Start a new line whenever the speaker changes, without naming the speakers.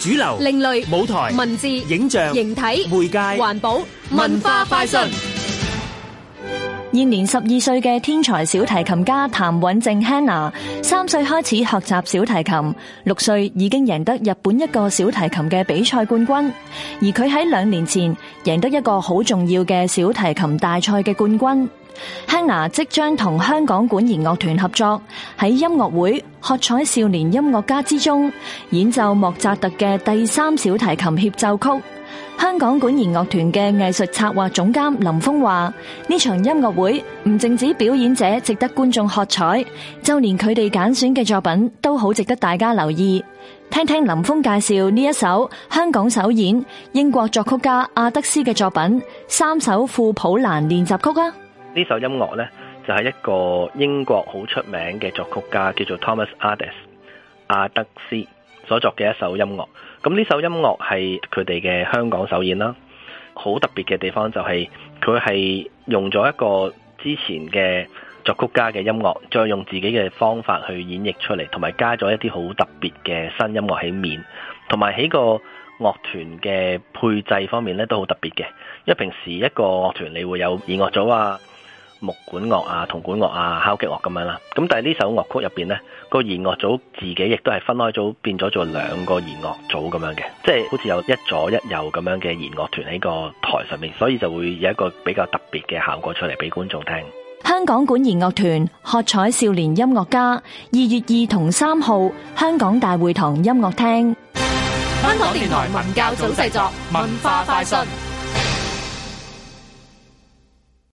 主流、另
類舞台、文字、影像、形體、媒介、環保、文化快訊。現年十二歲嘅天才小提琴家譚韻正 Hannah，三歲開始學習小提琴，六歲已經贏得日本一個小提琴嘅比賽冠軍，而佢喺兩年前贏得一個好重要嘅小提琴大賽嘅冠軍。香牙即將同香港管弦樂團合作喺，音樂會喝彩少年音樂家之中演奏莫扎特嘅第三小提琴協奏曲。香港管弦樂團嘅藝術策劃總監林峰話：呢場音樂會唔淨止表演者值得觀眾喝彩，就連佢哋揀選嘅作品都好值得大家留意。聽聽林峰介紹呢一首香港首演英國作曲家阿德斯嘅作品三首庫普蘭練習曲啊！
呢首音樂呢，就係一個英國好出名嘅作曲家叫做 Thomas Adès 阿德斯所作嘅一首音樂。咁呢首音樂係佢哋嘅香港首演啦。好特別嘅地方就係佢係用咗一個之前嘅作曲家嘅音樂，再用自己嘅方法去演繹出嚟，同埋加咗一啲好特別嘅新音樂喺面，同埋喺個樂團嘅配製方面呢，都好特別嘅。因為平時一個樂團你會有弦樂組啊、木管樂啊、銅管樂啊、敲擊樂咁樣啦，咁但係呢首樂曲入邊呢個弦樂組自己亦都係分開組，變咗做兩個弦樂組咁樣嘅，即係好似有一左一右咁樣嘅弦樂團喺個台上面，所以就會有一個比較特別嘅效果出嚟俾觀眾聽。
香港管弦樂團喝彩少年音樂家，二月二同三號香港大會堂音樂廳。
香港電台文教組製作，文化快訊。